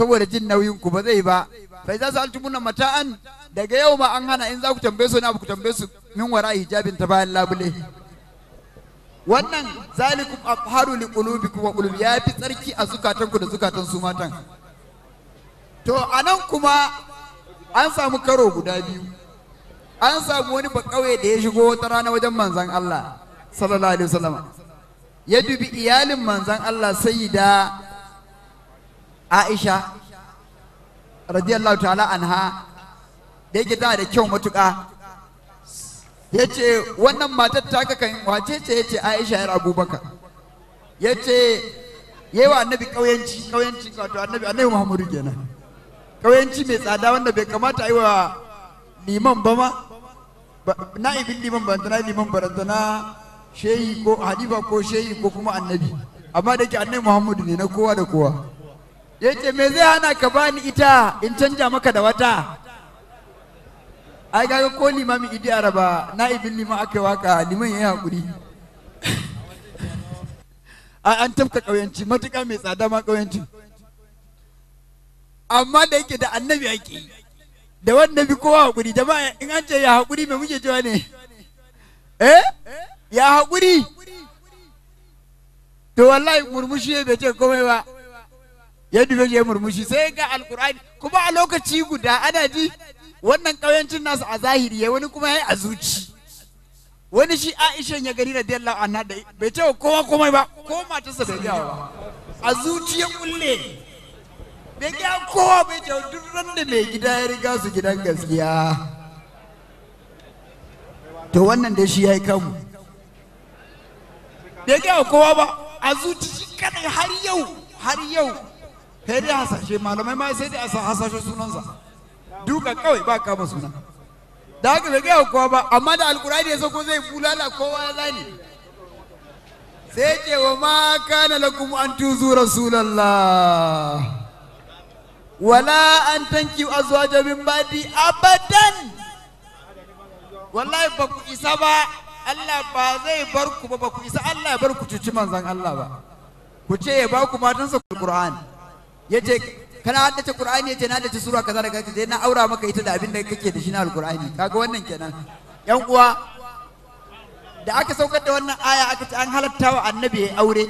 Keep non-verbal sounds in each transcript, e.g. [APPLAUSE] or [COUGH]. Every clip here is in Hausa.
saboda jin nauyin ku ba zai ba fa idza sa'altumuna mata'an daga yau ma an hana in za ku tambaye su na ku tambaye su min wara hijabin ta bayan labule wannan zalikum aqharu li qulubikum wa qulubi ya fi tsarki a zukatanku da zukatan su matan to anan kuma an samu karo guda biyu an samu wani ba kauye da ya shigo wata rana wajen manzon Allah sallallahu alaihi wasallam ya dubi iyalin manzon Allah sayyida aisha radiyallahu ta'ala anha da yake da kyau matuƙa yace wannan matar ta kan wace ce yace aisha ya ce ya yi wa annabi kauyanci kauyanci wato annabi annabi muhammadu kenan kauyanci mai tsada wanda bai kamata a yi wa liman ba ma na'ibin liman ba na liman na shehi ko hadifa ko shehi ko kuma annabi amma da ke annabi muhammadu ne na kowa da kowa ya ce me zai hana ka bani ita in canja maka da wata ai ga ko limami idi araba ibin lima aka yi waka liman ya hakuri ai an tafka kauyanci matuƙa mai tsada ma kauyanci amma da yake da annabi yake da wanda bi kowa hakuri ba in an ce ya hakuri me muke cewa ne eh ya hakuri to wallahi murmushi bai ce komai ba yadda zai yi murmushi sai ga alkur'ani kuma a lokaci guda ana ji wannan ƙauyancin nasu a zahiri ya wani kuma ya yi a zuci wani shi aishan ya gari radiyallahu anha da bai ce kowa komai ba ko mata bai gaya ba a ya kulle bai gaya kowa bai ce duk ran da mai gida ya riga su gidan gaskiya to wannan da shi ya yi kanmu bai gaya kowa ba a zuci shi kadai har yau har yau sai dai hasashe malamai ma sai dai a sa hasashe sunansa duka kawai ba kama suna da haka bai gaya kowa ba amma da alkurani ya ko zai bulala kowa ya zani sai ce wa ma kana lakum an tuzu rasulallah wala an tanki azwaja min ba'di abadan wallahi ba ku isa ba Allah ba zai bar ku ba ba ku isa Allah ya bar ku cuci manzon Allah ba ku ce ya ba ku matansa Qur'ani yace kana haddace Qur'ani yace na haddace sura kaza da kaza na aura maka ita da abin da kake da shi na alqur'ani kaga wannan kenan yan uwa da aka saukar da wannan aya aka ce an halatta wa annabi ya aure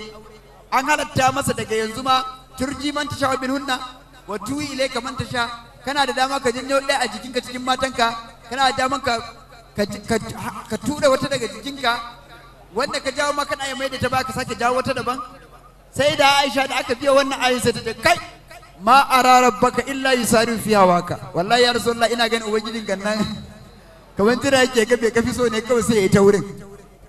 an halatta masa daga yanzu ma turji man tasha wa bin hunna wa tuwi ilayka man tasha kana da dama ka janyo ɗaya a jikinka cikin matanka kana da dama ka ka tura wata daga jikinka wanda ka jawo ma kana ya maida ta ba ka sake jawo wata daban sai da aisha da aka biya wannan ayin sai ta ce kai ma ara rabbaka illa yusari fi hawaka wallahi ya rasulullah ina ganin ubangijin gannan kamar tira yake ga bai kafi so ne kawai sai ya ta wurin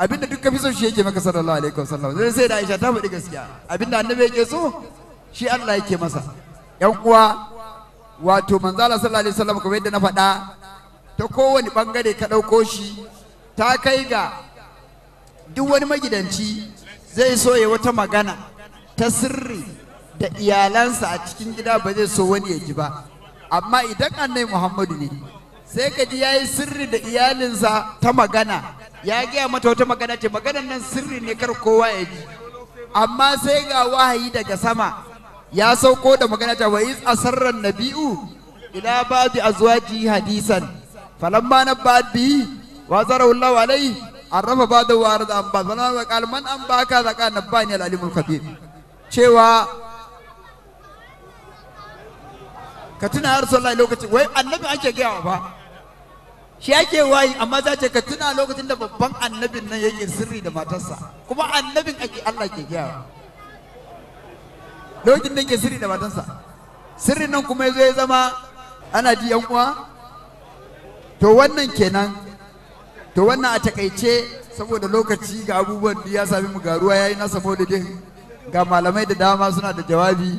abinda duk kafi so shi yake maka sallallahu alaihi wasallam sai da aisha ta faɗi gaskiya abinda annabi yake so shi Allah yake masa yan uwa wato manzala sallallahu alaihi wasallam kamar yadda na faɗa ta kowane bangare ka ɗauko shi ta kai ga duk wani magidanci zai so ya wata magana ta sirri da iyalansa a cikin gida ba zai so wani ya ji ba amma idan annai muhammadu ne sai ka ji ya yi sirri da iyalinsa ta magana ya gaya mata wata magana ce maganan nan sirri ne kar kowa ya ji amma sai ga wahayi daga sama ya sauko da magana ta wayi asarran nabi'u ila ba'di azwaji hadisan falamma na ba'di wa zarallahu alai arrafa ba'da wa an ba zana da an baka zaka nabbani al-alimul khabir cewa ka tuna ya rasulullahi lokacin wai annabi ake gaya ba shi ake wayi amma za ce ka tuna lokacin da babban annabin nan yake sirri da matarsa kuma annabin ake Allah ke gaya lokacin da yake sirri da matarsa sirrin nan kuma ya zo ya zama ana ji yan uwa to wannan kenan to wannan a takaice saboda lokaci ga abubuwan da ya sami mu ga ruwa yayi da maulidin ga malamai da dama suna da jawabi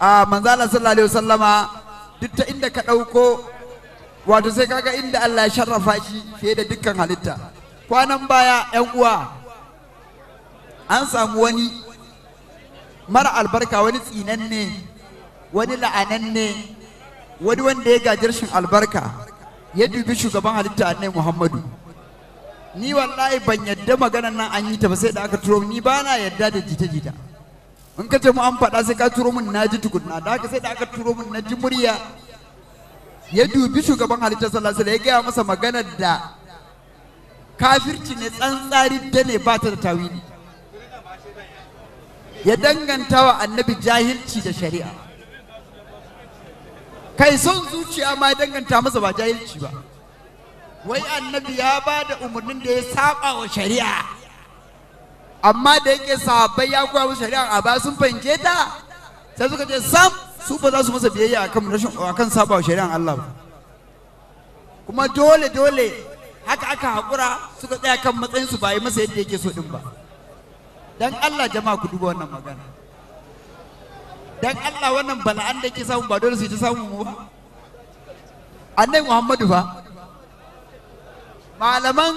a manzala sallallahu alaihi wasallama duk ta inda ka ɗauko wato sai kaga inda Allah ya sharrafa shi fiye da dukkan halitta kwanan baya yan uwa an samu wani mara albarka wani tsinanne wani la'ananne wani wanda ya gaji rashin albarka ya dubi shugaban halitta annai muhammadu ni wallahi ban yadda maganan nan an yi ta ba sai da aka turo ni ba na yadda da jita-jita in ka ce mu an faɗa sai ka turo min na ji tukunna da haka sai da aka turo min na ji murya ya dubi shugaban halittar sallallahu alaihi ya gaya masa maganar da kafirci ne tsantsari da ne ba ta da tawili ya danganta wa annabi jahilci da shari'a kai son zuciya ma ya danganta masa ba jahilci ba wai annabi ya ba da umarnin da ya saba wa shari'a amma da yake sahabbai ya koya musu shari'a a ba sun fahimce ta sai suka ce sam su ba za su masa biyayya akan rashin akan saba wa shari'a Allah ba kuma dole dole haka aka haƙura suka tsaya kan matsayin su ba yi masa yadda yake so din ba dan Allah jama'a ku duba wannan magana dan Allah wannan bala'an da yake samu ba dole su yi ta samu ba annabi Muhammadu fa malaman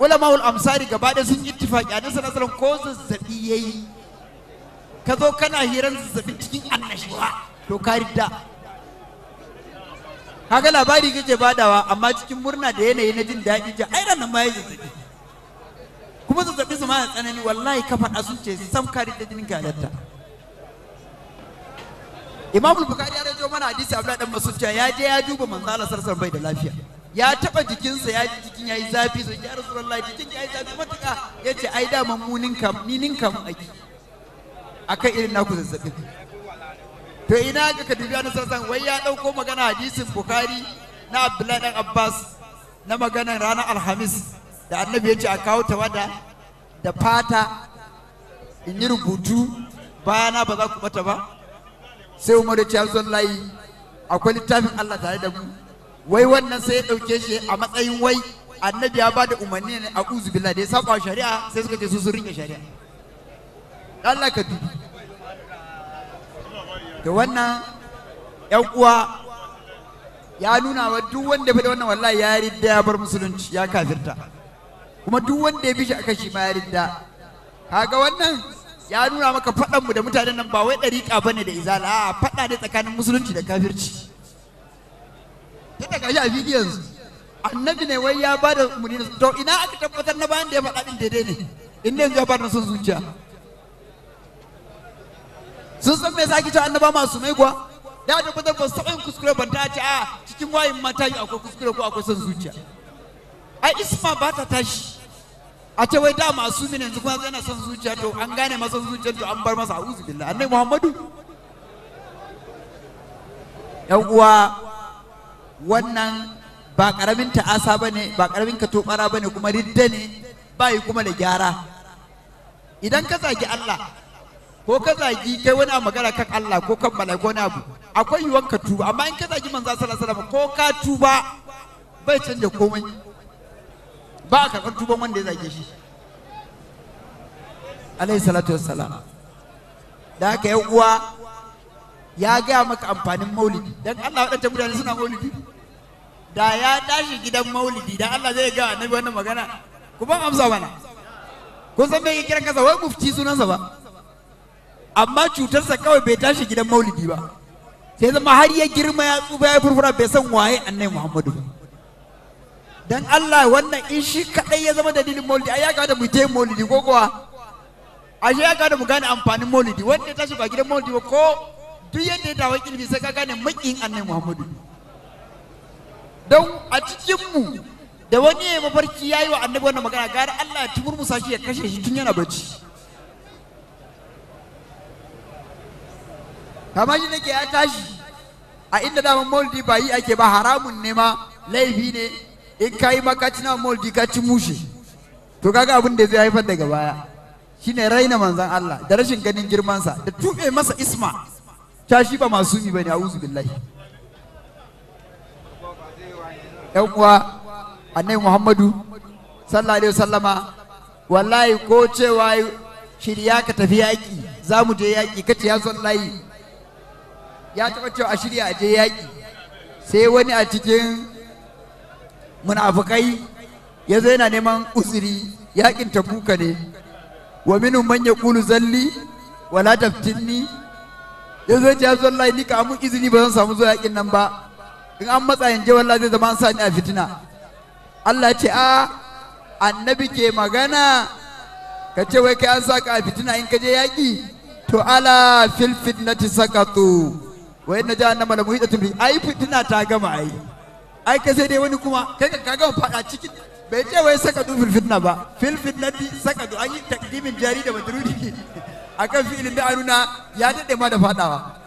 ulama'ul amsari gaba da sun ittifaqi a nasa nasarar ko zazzaɓi ya yi ka zo kana hiran zazzaɓi cikin annashuwa to ka ridda kaga labari kake badawa amma cikin murna da yanayi na jin daɗi ja ai ranar ma ya zazzaɓi kuma zazzaɓi su ma tsanani wallahi ka faɗa sun ce sam ka ridda jinin ka halatta imam bukhari ya rajo mana hadisi abdullahi dan masud ya je ya duba manzala Allah sallallahu alaihi wasallam bai da lafiya ya taɓa jikinsa ya ji jikin ya yi zafi so ya Allah jikin ya yi zafi matuƙa ya ce ai da mu ninkam ni ninkam aki a kan irin naku zazzaɓin to ina ga ka dubi annabi sallallahu wai ya ɗauko magana hadisin bukhari na abdullahi dan abbas na maganar ranar alhamis da annabi ya ce a kawo tawada da fata in yi rubutu bayana ba za ku bata ba sai umar ya ce ya layi akwai littafin allah tare da mu wai wannan sai ya ɗauke shi a matsayin wai annabi ya bada umarni ne a bila da ya saba shari'a sai suka ce su sun rike shari'a Allah ka dubi da wannan yan uwa ya nuna wa duk wanda bai da wannan wallahi ya ridda ya bar musulunci ya kafirta kuma duk wanda ya bishi shi akan shi ma ya ridda kaga wannan ya nuna maka faɗanmu da mutanen nan ba wai ɗariƙa bane da izala a faɗa ne tsakanin musulunci da kafirci ta daga shi a bidiyon su annabi ne wai ya ba da umarni to ina aka tabbatar na bayan da ya faɗa ɗin daidai ne in yanzu ya ba da son zuciya sun san me yasa ake cewa annaba masu mai kuwa da tabbatar ba su taɓa yin kuskure ban ta ce a ah, cikin wayin mata yi akwai kuskure ko akwai son zuciya ai isma ba ta tashi a ce wai da masu min yanzu kuma yana son zuciya to an gane masa zuciya to an bar masa a'udhu billah annabi muhammadu yan uwa wannan ba karamin ta'asa ba ne ba karamin katobara ba ne kuma ridda ne bayi kuma da gyara idan ka zagi Allah ko ka zagi kai wani magana kan Allah ko kan mala'iku wani abu akwai yiwuwar ka tuba amma in ka zagi manzo sallallahu alaihi ko ka tuba bai canja komai ba a kan tuban wanda ya zage shi alaihi salatu wassalam da haka ya uwa ya gaya maka amfanin maulidi dan Allah waɗancan mutane suna maulidi da ya tashi gidan maulidi da Allah zai ga annabi wannan magana ku ban amsa mana kun san me kiran kansa wai mufti sunansa ba amma cutarsa kawai bai tashi gidan maulidi ba sai zama har ya girma ya tsufa ya furfura bai san waye annai muhammadu ba dan Allah wannan in shi kadai ya zama dalilin maulidi ai ya kamata da tayi maulidi ko kuwa ashe ya da mu gane amfanin maulidi wanda ya tashi ba gidan maulidi ba ko duk yadda ya dawo ilimi sai ka gane makin annabi muhammadu don a cikinmu da wani ya mafarki ya wa annabi wannan magana gara allah ya tumur musa shi ya kashe shi tun yana bacci kamar shi nake ya tashi a inda daman maulidi ba yi ake ba haramun ne ma laifi ne in ka yi makaci na maulidi ka ci mushe to kaga abin da zai haifar daga baya shine raina manzan Allah da rashin ganin girmansa da tuɓe masa isma ta shi ba masu bi ba ne billahi yan uwa annabi muhammadu sallallahu alaihi wasallama wallahi ko cewa shirya ka tafi yaƙi za je yaƙi kace ya sallahi ya taɓa cewa a shirya a je yaƙi sai wani a cikin munafukai ya zo yana neman uzuri yaƙin kuka ne wa minum man yaqulu zalli wala taftinni ya zo ya zo wallahi ni ka mun izini ba zan samu zuwa yakin nan ba in an matsa yanje wallahi zai zama an sa ni a fitina Allah ya ce a annabi ke magana ka ce wai kai an saka a fitina in ka je yaki to ala fil fitnati sakatu na ja annama la muhitatun bi ai fitina ta gama ai ai ka sai dai wani kuma kai ka gama fada cikin bai ce wai sakatu fil fitna ba fil fitnati sakatu an yi takdimin jari da madrudi [LAUGHS] Akan kan fi'ilin da anuna ya dade ma da fadawa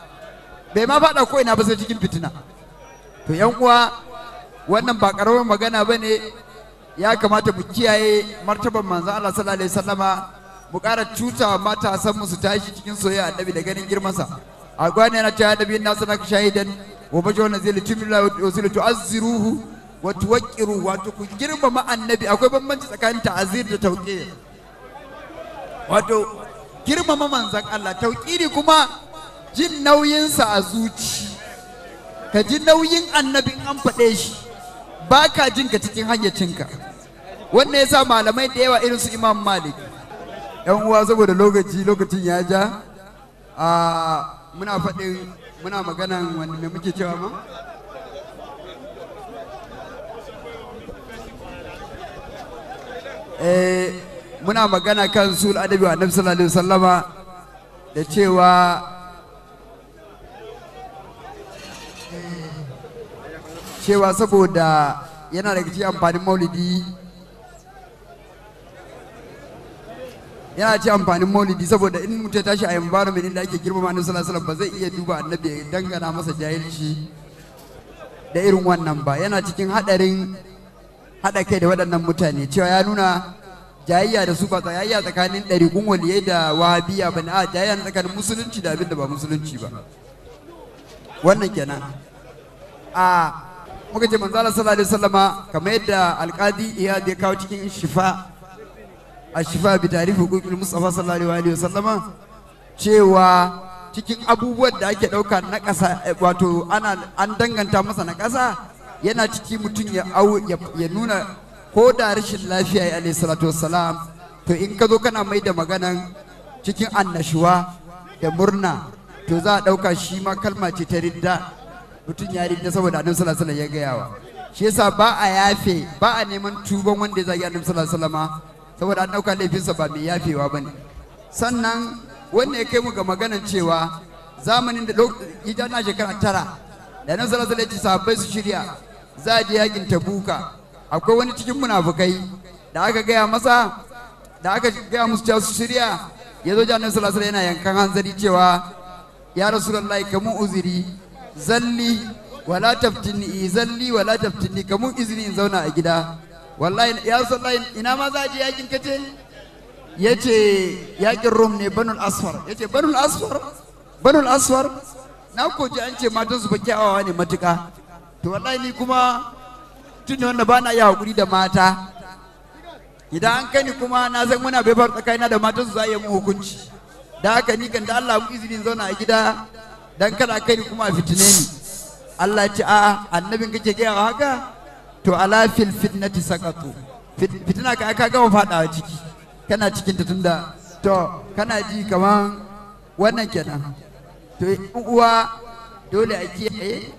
bai ma fada ko ina ba sai cikin fitina to yan uwa wannan ba karamar magana bane ya kamata mu kiyaye martaban manzo Allah sallallahu alaihi wasallama mu kara cuta san mu su tashi cikin soyayya annabi da ganin girmansa a gwani yana cewa annabi na sanaka shahidan wa bajo na zai litumila wa zai tu'azziruhu wa tuwaqqiru wato ku girmama annabi akwai bambanci tsakanin ta'azir da tawqir wato girmama manzan Allah tauƙiri kuma jin nauyinsa a zuci ka ji nauyin annabin an faɗe shi ba ka jin ka cikin hayyacinka wannan yasa malamai da yawa irin su imam malik yan uwa saboda lokaci lokacin ya ja muna faɗin muna magana wani me muke cewa ma eh muna magana kan sul adabi wa annabi sallallahu alaihi wasallama da cewa cewa saboda yana daga cikin amfanin maulidi yana ci amfanin maulidi saboda in mutum tashi a environment da ake girmama annabi sallallahu alaihi wasallam ba zai iya duba annabi ya dangana masa jahilci da irin wannan ba yana cikin hadarin hada kai da waɗannan mutane cewa ya nuna jayayya da su ba jayayya tsakanin kun waliye da wahabiya ba a jayayya tsakanin musulunci da abin da ba musulunci ba wannan kenan a muka ce manzala sallallahu alaihi wasallama kamar yadda alƙadi iya da kawo cikin shifa a shifa bi tarihi hukumin mustafa sallallahu alaihi wasallama cewa cikin abubuwan da ake ɗauka na ƙasa eh, wato ana an danganta masa na ƙasa yana ciki mutum ya nuna ko da rashin lafiya ya alayhi salatu wassalam to in ka zo kana mai da maganan cikin annashuwa da murna to za a ɗauka shi ma kalma ce ta ridda mutum ya ridda saboda annabi sallallahu alaihi wasallam ya gaya wa shi yasa ba a yafe ba a neman tuban wanda ya zagi annabi sallallahu alaihi wasallam saboda an ɗauka laifinsa ba mai yafewa ba ne sannan wanda ya kai mu ga maganan cewa zamanin da idan na shekara tara da nan sallallahu alaihi wasallam sahabbai su shirya za a je yakin tabuka akwai wani cikin munafukai da aka gaya masa da aka gaya musu cewa su shirya ya zo jihar nasarar yana yankan hanzari cewa ya rasu rasulullahi kamun uziri zalli wala taftinni zalli wala taftini kamun izini in zauna a gida wallahi ya rasulullahi ina ma za a je yakin kace ce yakin rum ne banul asfar ce banul asfar banul asfar na koji an ce matan su ba kyawawa ne matuka to wallahi ni kuma mutum ne wanda ba na iya haƙuri da mata idan an kai ni kuma na zan muna tsakai na da mata su za a yi mu hukunci da haka ni kan da Allah mu izinin zauna a gida dan kada kai ni kuma a fitine ni Allah ya ce a annabin kake gaya wa haka to ala fil fitnati saqatu fitina ka ka gama fadawa ciki kana cikin ta tunda to kana ji kaman wannan kenan to uwa dole a kiyaye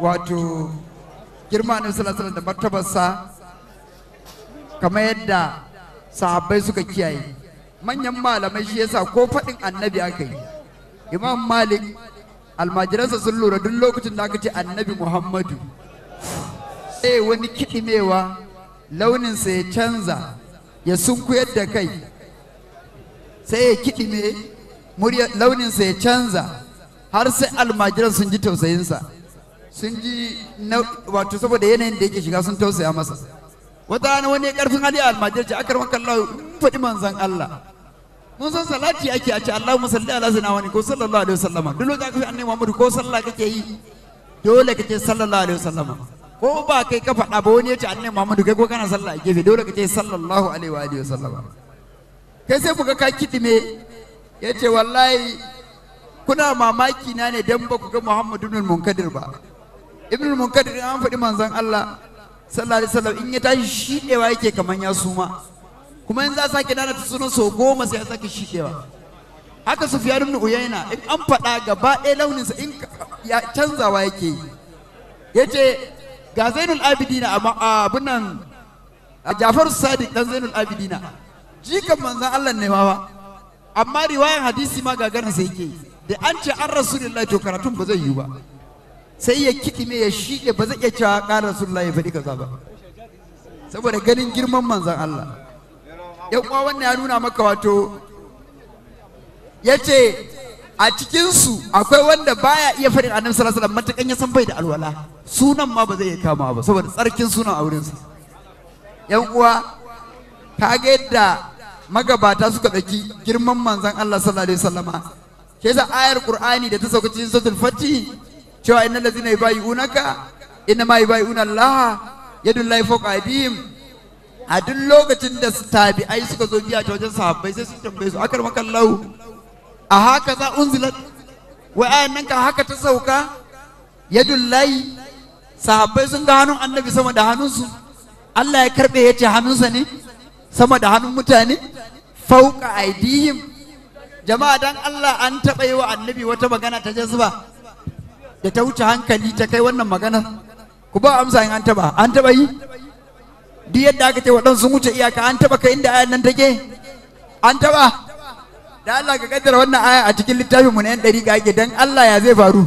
wato girma ne sallallahu da martabarsa kamar yadda sahabbai suka kiyaye manyan malamai shi yasa ko faɗin annabi aka yi imam malik almajiransa sun lura duk lokacin da aka ce annabi muhammadu sai wani kiɗimewa launinsa ya canza ya sunkuyar da kai sai ya kiɗime launinsa ya canza har sai almajiran sun ji tausayinsa sun ji wato saboda yanayin da yake shiga sun tausaya masa wata ana wani karfin hali a almajirci akar maka Allah faɗi manzan Allah mun san salati ake a ce Allahumma salli ala zina wani ko sallallahu alaihi wasallama duk lokacin ka fi annabi Muhammad ko sallah kake yi dole kake sallallahu alaihi wasallama ko ba kai ka faɗa ba wani ya ce annabi Muhammad kai ko kana sallah kake dole kake sallallahu alaihi wa wasallama kai sai kuga ka kidime yace wallahi kuna mamaki na ne dan ba ku ga Muhammadu ibn Munkadir ba ibn munkadir an faɗi manzon Allah sallallahu alaihi wasallam in ya tashi shidewa yake kaman ya suma kuma in za a dana ta sunan so goma sai ya sake shidewa haka sufyan ibn uyayna in an faɗa gaba ɗaya sa in ya canzawa yake yace ga zainul abidina amma abin nan jafaru sadiq dan zainul abidina jikan manzon Allah ne ma amma riwayan hadisi ma gagarin sai yake da an ce an rasulullahi to karatun ba zai yi ba sai ya kiɗime ya shiɗe ba zai iya cewa ƙara rasulullahi ya faɗi kaza ba saboda ganin girman manzan Allah yan uwa wannan ya nuna maka wato ya ce a cikinsu akwai wanda baya iya faɗin annabi sallallahu alaihi wasallam matakan ya san bai da alwala sunan ma ba zai iya kama ba saboda tsarkin sunan aurensa yan uwa ka ga yadda magabata suka ɗauki girman manzan Allah sallallahu alaihi wasallama ke sa ayar Qur'ani da ta sauka cikin suratul Fatih cewa innal ladzina yubayyi'unaka innama yubayyi'una Allah yadullahi fawqa aydihim a duk lokacin da tabi'ai suka zo biya ta wajen sahabbai sai sun tambaye su akar makallahu a haka za unzilat wa ayan ka haka ta sauka yadullahi sahabbai sun ga hannun annabi sama da hannunsu Allah ya karbe ya ce hannunsa ne sama da hannun mutane fauka aidihim jama'a dan Allah an taɓa yi wa annabi wata magana ta jazba da ta wuce hankali ta kai wannan maganar ku ba amsa in an taba an taba yi duk yadda aka ce waɗansu sun wuce iyaka an taba kai inda ayan nan take an taba da Allah ka kaddara wannan aya a cikin littafin mu na yan ɗari ga dan Allah ya zai faru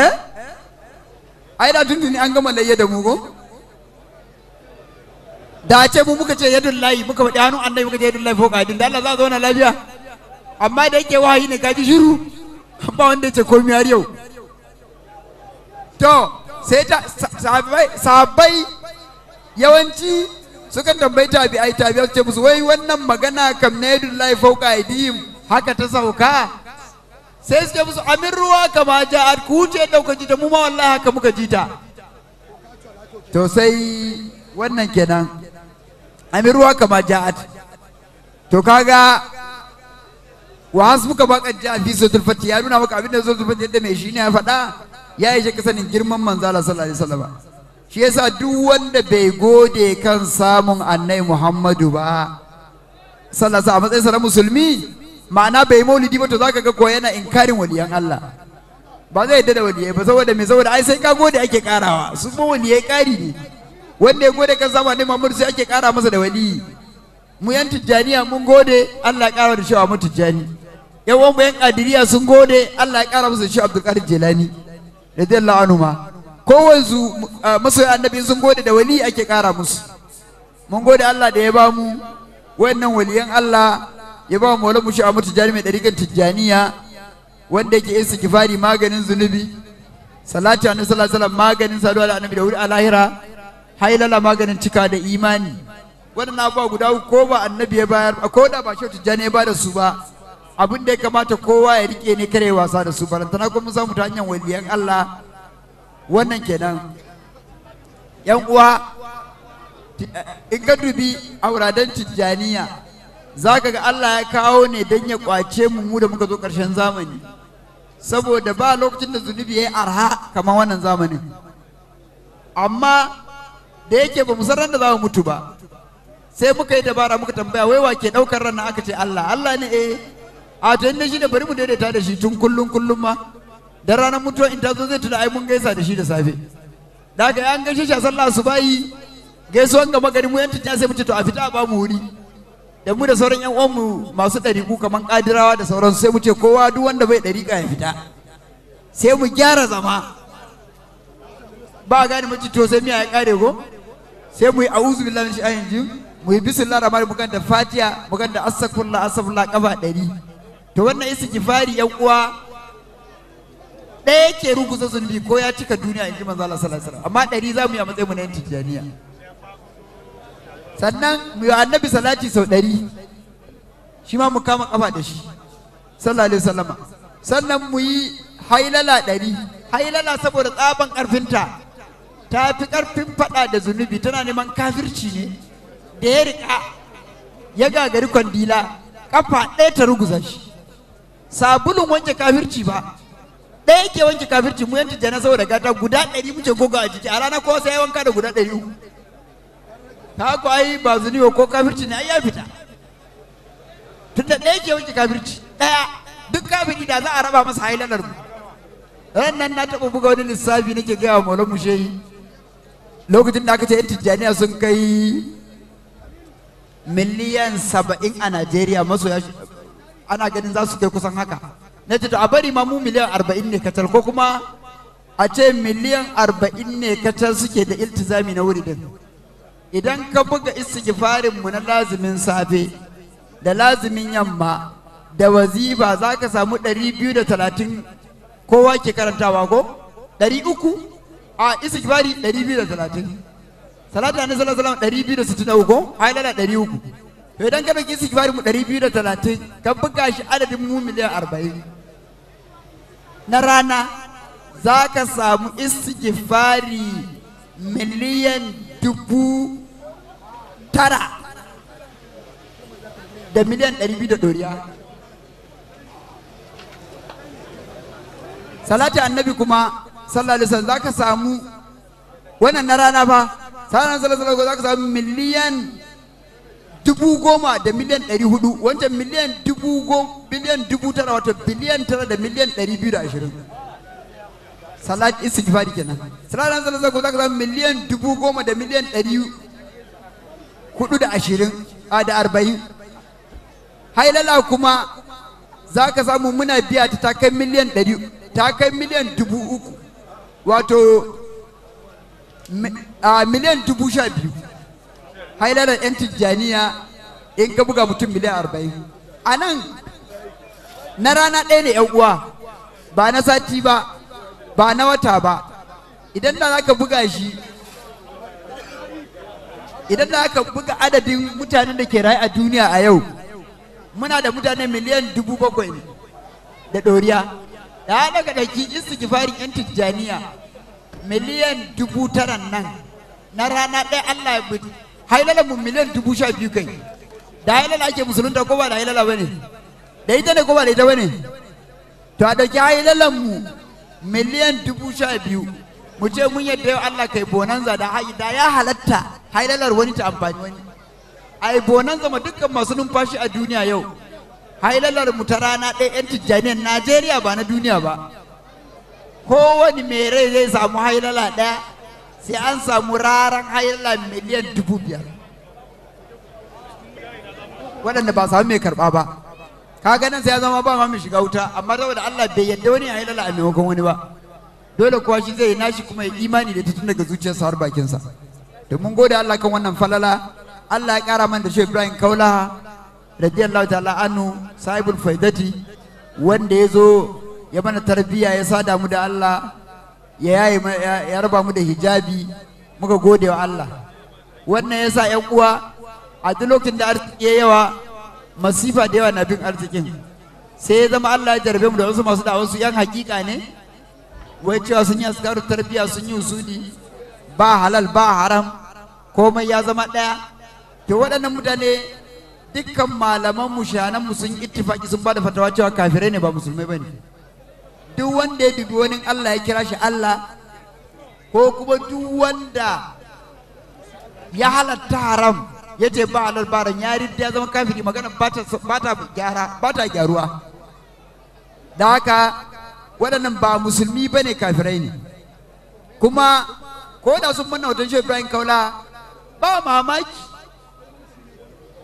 eh ai da tunduni an gama layya da mu ko da ce mu muka ce yadun layi muka faɗi hannun annabi muka ce yadun layi ko kadin da Allah za a zauna lafiya amma da yake wahayi ne ka ji shiru ba wanda ce komi har yau to sai ta sabai yawanci suka tambayi tabi'ai tabi'ai ce musu wai wannan magana kam na yadda lai fauka aidihim haka ta sauka sai ce musu amin ruwa kama ja'ad ku ce dauka jita mu ma wallahi haka muka jita to sai wannan kenan amin ruwa kama ja'ad to kaga wa hasbuka ba qad ja'a fi suratul ya nuna maka abin da suratul Fati yadda mai shi ne ya faɗa ya yi ka sanin girman manzo Allah sallallahu alaihi wasallam shi yasa duk wanda bai gode kan samun annai Muhammadu ba sallallahu alaihi a matsayin sa musulmi ma'ana bai maulidi ba to zaka ga ko yana inkarin waliyan Allah ba zai yadda da waliyai ba saboda me saboda ai sai ka gode ake karawa su ba waliyai kari ne wanda ya gode kan samun annai Muhammadu sai ake kara masa da waliyi mu yan tijjaniya mun gode Allah ya kara da cewa mu tijjani yan wanmu yan kadiriya sun gode Allah ya kara musu shi Abdulkadir Jilani radiyallahu anhu ma ko wanzu ah, masoyan annabi sun gode da wali ake kara musu mun gode Allah da ya ba mu wayannan waliyan Allah ya ba mu wala mu shi a mutu jami'a dariƙar tijjaniya wanda yake kifari maganin zunubi salatu annabi sallallahu alaihi wasallam maganin saduwa da annabi da wuri a lahira hailala maganin cika da imani waɗannan abubuwa guda ko ba annabi ya bayar ko da ba shi tijjani ya ba da su ba abin da ya kamata kowa ya rike ne kare wasa da su barantana kuma mun samu ta hanyar waliyan Allah wannan kenan yan uwa in ka dubi auradan tijjaniya za ka ga Allah ya kawo ne don ya kwace mu mu da muka zo karshen zamani saboda ba lokacin da zunubi ya yi arha kamar wannan zamanin amma da yake ba mu san randa da za mu mutu ba sai muka yi dabara muka tambaya wai wa ke ɗaukar ran aka ce Allah Allah ne eh a to inda shi ne bari mu daidaita da shi tun kullum kullum ma da ranar mutuwa in ta zo zai tuna ai mun gaisa da shi da safe da yi an gaishe shi a sallah su bayi gaisuwan gaba gari mu yan tijja sai mu to a fita a ba mu wuri da mu da sauran yan uwan mu masu ɗariƙu kaman ƙadirawa da sauran sai mu ce kowa duk wanda bai ka ya fita sai mu gyara zama ba gane mace to sai miya ya kare ko sai mu yi a'udhu billahi min shaitanir rajim mu yi bismillahir rahmanir rahim da fatiha mu da astaghfirullah astaghfirullah kafa ɗari to wannan fari yan uwa ɗaya yake ruguza zunubi ko ya cika duniya in ji manzo Allah sallallahu alaihi wasallam amma ɗari za mu yi a matsayin mu na tijaniya sannan mu yi annabi salati sau ɗari shi ma mu kama kafa da shi sallallahu alaihi wasallama sannan mu yi hailala ɗari hailala saboda tsaban ƙarfinta ta fi ƙarfin faɗa da zunubi tana neman kafirci ne da ya riƙa ya gagari kwandila ƙafa ɗaya ta ruguza shi sabulun wanke kafirci ba ɗaya yake wanke kafirci mu yanci jana saboda gata guda ɗari muke goga a jiki a rana ko sai wanka da guda ɗari uku ta ko ai ba zuniwa ko kafirci ne ai ya fita tunda ɗaya yake wanke kafirci ɗaya duk kafiri da za a raba masa hailalar mu ran nan na taɓa buga wani lissafi nake gaya wa maulan mushehi lokacin da aka ce 'yan tijjaniya sun kai miliyan saba'in a najeriya maso ya ana ganin za su kai kusan haka na ce to a bari ma mu miliyan arba'in ne kacal ko kuma a ce miliyan arba'in ne kacal suke da iltizami na wuri din idan ka buga istighfarin mu na lazimin safe da lazimin yamma da waziba za ka samu ɗari biyu da talatin kowa ke karantawa ko ɗari uku a istighfari ɗari biyu da talatin salatu na sallallahu alaihi ɗari biyu da sittin da uku ayyana ɗari uku to idan ka dauki istighfari mu 230 ka buga shi adadin mu miliyan 40 na rana za ka samu istighfari miliyan dubu tara da miliyan 200 da doriya salati annabi kuma sallallahu alaihi wasallam za ka samu wannan na rana fa sallallahu alaihi wasallam za ka samu miliyan dubu goma da miliyan ɗari hudu wancan miliyan dubu biliyan dubu tara wato biliyan tara da miliyan ɗari biyu da ashirin salat istighfari kenan salat ran salat zaka zaka miliyan dubu goma da miliyan ɗari hudu da ashirin a da arba'in hailala kuma za ka samu muna biya ta ta kai miliyan ɗari ta kai miliyan dubu uku wato a miliyan dubu sha biyu hailalar 'yan tijjaniya in ka buga mutum miliyan arba'in a nan na rana ɗaya ne uwa ba na sati ba ba na wata ba idan da za ka buga shi idan da aka buga adadin mutanen da ke rayu a duniya a yau muna da mutane miliyan dubu bakwai da ɗoriya da haɗa ga ɗaki istigifarin 'yan tijjaniya miliyan dubu taran nan na rana ɗaya allah ya hailala mu miliyan dubu sha biyu kai da hailala ake musulunta ko ba da hailala bane da ita ne ko ba da ita bane to a dauki hailalar mu miliyan dubu sha biyu mu ce mun yadda yau Allah kai bonanza da da ya halatta hailalar wani ta amfani wani ai bonanza ma dukkan masu numfashi a duniya yau hailalar mu ta rana ɗaya 'yan tijjaniyar Najeriya ba na duniya ba kowane mai rai zai samu hailala ɗaya sai an samu raran haila miliyan dubu biyar waɗanda ba samu mai karɓa ba kaga ganin sai ya zama ba ma shiga wuta amma saboda Allah bai yadda wani ya haila a maimakon wani ba dole kuwa shi zai nashi kuma ya imani da ta tun daga zuciyarsa har bakinsa domin gode Allah kan wannan falala Allah ya kara man da shi Ibrahim kaula radiyallahu ta'ala anu sahibul faidati wanda ya zo ya mana tarbiyya ya sada mu da Allah ya ya raba mu da hijabi muka gode wa Allah wannan yasa ƴan uwa a duk lokacin da arziki ya yawa masifa da yawa na bin arzikin sai ya zama Allah ya jarabe mu da wasu masu da'awar su yan hakika ne wai cewa sun yi askaru tarbiyya sun yi usuli ba halal ba haram komai ya zama ɗaya to waɗannan mutane dukkan malaman mu shanan mu sun ittifaki sun bada fatawa cewa kafirai ne ba musulmai ba ne. duk wanda ya dubi wani Allah ya kira shi Allah ko kuma duk wanda ya halatta haram ya ce ba a baran ya ridda ya zama kafiri magana ba ba ta gyaruwa da haka waɗannan ba musulmi ba ne kafirai ne kuma ko da sun manna hoton shi ibrahim kaula ba mamaki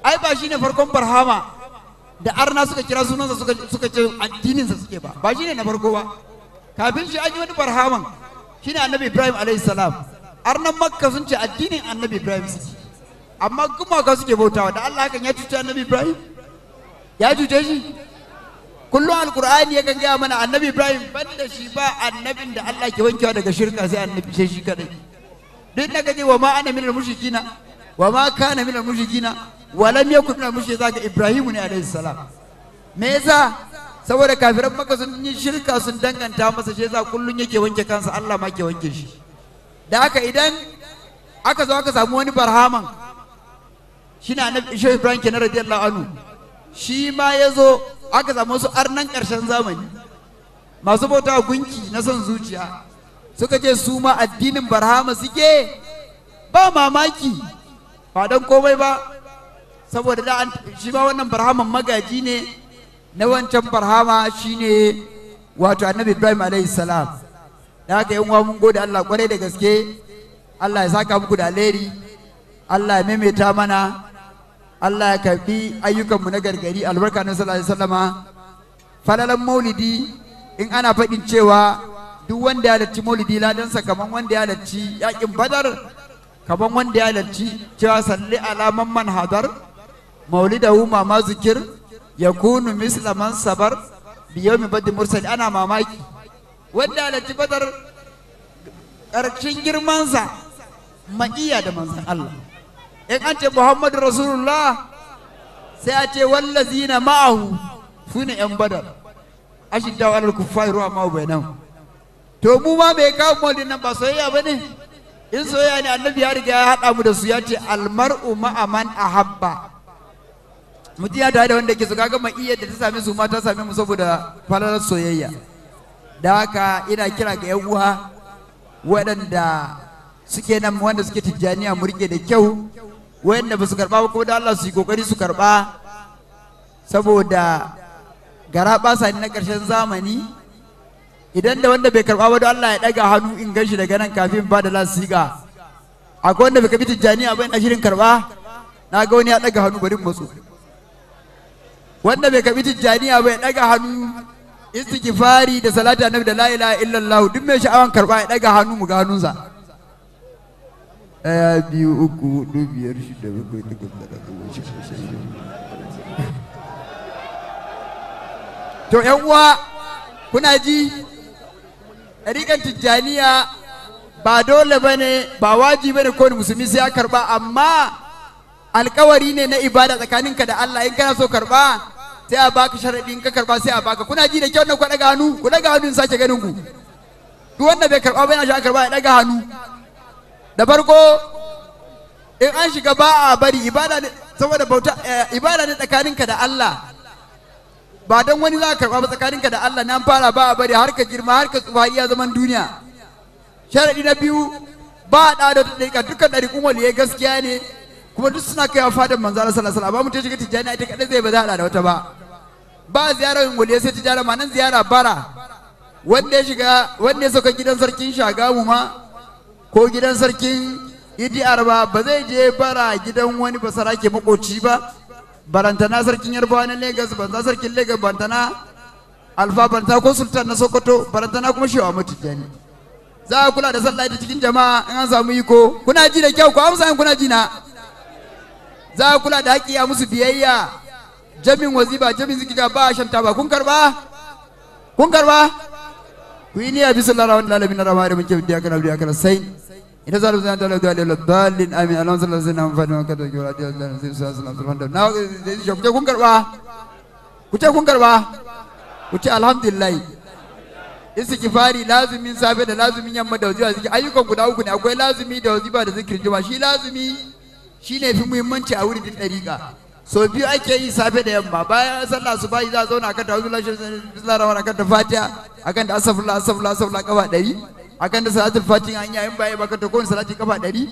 ai ba shi ne farkon barhama da arna suka kira sunansa suka suka ce addininsa suke ba ba shine na farko ba kafin shi an yi wani barhaman shine annabi ibrahim alayhi salam arnan makka sun ce addinin annabi ibrahim suke amma gumaka suke bautawa da Allah hakan ya cuce annabi ibrahim ya cuce shi kullum alkur'ani yakan gaya mana annabi ibrahim banda shi ba annabin da allah ke wankewa daga shirka sai annabi sai shi kadai duk na gaje wa ma ana minal mushikina wa ma kana minal mushikina walam ya na mushi zaka Ibrahimu ne alayhi salam me yasa saboda kafiran maka sun yi shirka sun danganta masa shi yasa kullun yake wanke kansa Allah ma ke wanke shi da haka idan aka zo aka samu wani barhaman shine annabi Shehu Ibrahim kenan radiyallahu anhu shi ma ya zo aka samu su arnan karshen zamani masu bauta gunki na son zuciya suka ce su ma addinin barhama suke ba mamaki ba don komai ba saboda da an shi ba wannan barhaman magaji ne na wancan barhama shine wato annabi ibrahim alayhi salam da haka yan mun gode Allah kwarai da gaske Allah ya saka muku da alheri Allah ya maimaita mana Allah ya karbi ayyukanmu na gargari albarka na sallallahu alaihi wasallama falalan maulidi in ana faɗin cewa duk wanda ya halarci maulidi ladansa kaman wanda ya halarci yakin badar kaman wanda ya halarci cewa salli alaman man hadar maulidahu mama zikir kunu misla man sabar biyomi badi mursali ana mamaki wanda alhaji badar ƙarshen girmansa iya da manzan Allah in an ce muhammadu rasulullah sai a ce wallazi na ma'ahu su ne yan badar ashidda alal kuffar ruwa ma'u bai nan to mu ma bai kawo maulidin nan ba soyayya ba ne in soyayya ne annabi ya riga ya haɗa mu da su ya ce almar'u ma'aman man ahabba mutum ya tare da wanda ke so kaga mai iya da ta same su ma ta same mu saboda falalar soyayya da haka ina kira ga yan uwa waɗanda suke nan wanda suke tijjaniya mu rike da kyau waɗanda ba su karɓa ba kuma da Allah su yi kokari su karɓa saboda gara basa na ƙarshen zamani idan da wanda bai karɓa ba don Allah ya ɗaga hannu in ganshi daga nan kafin ba da lasiga akwai wanda bai kafi tijjaniya ba ina shirin karɓa na ga wani ya ɗaga hannu bari matsu wanda bai kabi tijjaniya ba ya daga hannu istighfari da salatu annabi da la ilaha illallah duk mai sha'awan karba ya daga hannu mu ganunsa daya biyu uku hudu biyar shida bakwai takwas tara goma sha sosai. to yan uwa kuna ji ɗariƙan tijjaniya ba dole ba ne ba wajibi ne kowane musulmi sai ya karba amma alkawari ne na ibada tsakaninka da Allah in kana so karba sai a baka sharadi in ka karba sai a baka kuna ji da kyau nan ku daga hannu ku daga hannu in sake ganin ku duk wanda bai karba bai na shi karba ya daga hannu da farko in an shiga ba a bari ibada ne saboda bauta eh, ibada ne tsakaninka da Allah ba dan wani za ka karba ba tsakaninka da Allah nan fara ba a bari har ka girma har ka tsufa iya zaman duniya sharadi na biyu ba a da dukkan dariƙun waliyai gaskiya ne kuma duk suna kaiwa fadar manzo Allah sallallahu alaihi wasallam ba mu shiga tijjani ita kada zai ba za da wata ba ba ziyarar waliya sai tijjara ma nan ziyara bara wanda ya shiga wanda ya sauka gidan sarkin shagamu ma ko gidan sarkin idi arba ba zai je bara gidan wani sarake makoci ba barantana sarkin yarbawa na lagos banza sarkin lagos barantana alfa barantana ko sultan na sokoto barantana kuma shewa mutijjani za a kula da sallah ita cikin jama'a in an samu iko kuna ji da kyau ku amsa in kuna ji na za a kula da haƙƙi a musu biyayya jamin waziba jamin zikita ba a shan taba kun karba kun karba ku yi niyya bisu lalawa da lalabi na rama da muke biya kana biya kana sai ina za a zana da lafiya da lalbalin amin alam sallar zai na amfani wa kada kyau radiyar da zai sa sallar sallar da na ku ce kun karba ku ce kun karba ku ce alhamdulillah istighfari lazumin safe da lazumin yamma da waziba ayyukan guda uku ne akwai lazumi da waziba da zikirin juma shi lazumi shi ne fi muhimmanci a wuri da ɗariƙa so biyu ake yi safe da yamma bayan sallah su bayi za a zauna akan tawazul lashir bismillah rahman akan ta fatiha akan da asafullah asafullah asafullah kafa ɗari akan da salatul fatiha an yayin baya baka ta kowane salati kafa ɗari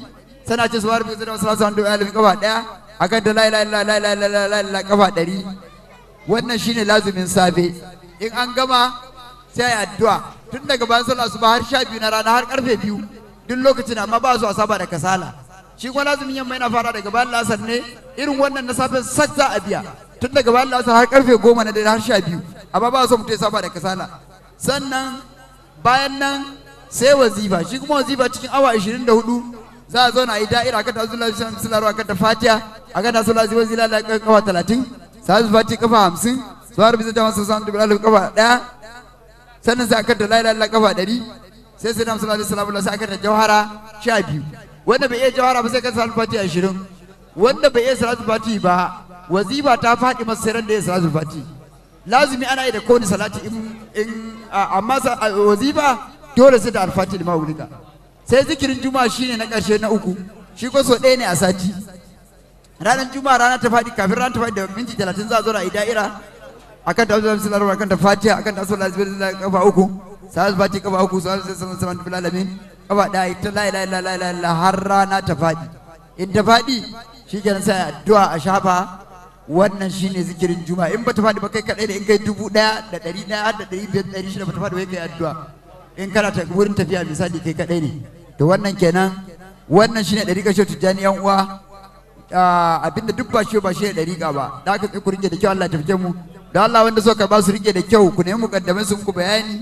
sana ce suwar wa ta'ala salatu an du'a kafa ɗaya akan da la ilaha illallah la ilaha illallah kafa ɗari wannan shine lazumin safe in an gama sai addu'a tun daga bayan sallah su ba har sha biyu na rana har karfe biyu duk lokacin amma ba su a saba da kasala shi kuwa lazumin yamma yana fara daga bayan lasar ne irin wannan na safin sak za a biya tun daga bayan lasar har karfe goma na dare har sha biyu amma ba so mutum ya saba da kasala sannan bayan nan sai wazifa shi kuma wazifa cikin awa 24 za a zauna a yi da'ira kan ta zula shan silarwa kan ta fatiya a kan ta zula zuwa zila da kafa 30 sa zuwa fati kafa 50 zuwa rubi zai jama'a sosan dubu alif kafa 1 sannan sai a kan ta la'ila kafa 100 sai sai da musulman da salamu sai a kan ta jauhara 12 wanda bai iya jawara ba sai kan salatul fati ashirin wanda bai iya salatul fati ba waziba ta faɗi masa sai ran da ya salatul fati lazumi ana yi da kowane salati in amma waziba dole sai da alfati da ma'ulida sai zikirin juma'a shine na ƙarshe na uku shi ko so ɗaya ne a sati ranar juma'a rana ta faɗi kafin rana ta faɗi da minti talatin za a zo na ira akan ta wajen silarwa akan ta fatiha akan ta asola zibirin da kafa uku Sai ba ce kafa uku sa'ad sai sanar sanar fil alamin kafa ɗaya ta la ilaha illallah la ilaha har rana ta faɗi in ta faɗi shikenan sai addu'a a shafa wannan shine zikirin juma'a in ba ta faɗi ba kai kaɗai da in kai dubu daya da ɗari ɗaya da dari biyar da ɗari shida ba ta faɗi wai kai addu'a in kana ta wurin tafiya misali kai kadai ne to wannan kenan wannan shine ɗari kashe tujani yan uwa ah, abinda duk ba shi ba shi da riƙa ba da aka tsaye ku rike da kyau Allah ya tafi mu da Allah wanda so ka ba su rike da kyau ku nemi mukaddamai sun ku bayani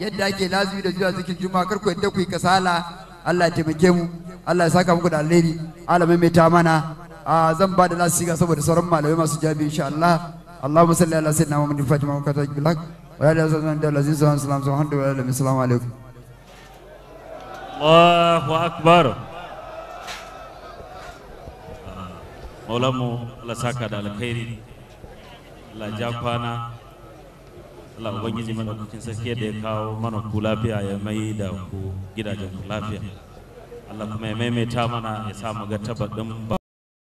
yadda ake lazimi da zuwa zikin juma'a kar ku yadda ku yi kasala Allah ya taimake mu Allah ya saka muku da alheri alamai mai ta mana zan ba da lasi ga saboda sauran malamai masu jabi insha Allah Allahumma salli ala sayyidina Muhammadin Fatima wa kataj bilak wa ala sayyidina Dawud aziz wa sallam wa alhamdulillah assalamu alaikum Allahu akbar ah, Maulamu Allah saka da alkhairi Allah ya kwana Allah ubangiji madaukakin sarki da ya kawo mana ku lafiya ya mai da ku gidajen lafiya Allah kuma ya maimaita mana ya sa mu ga ba.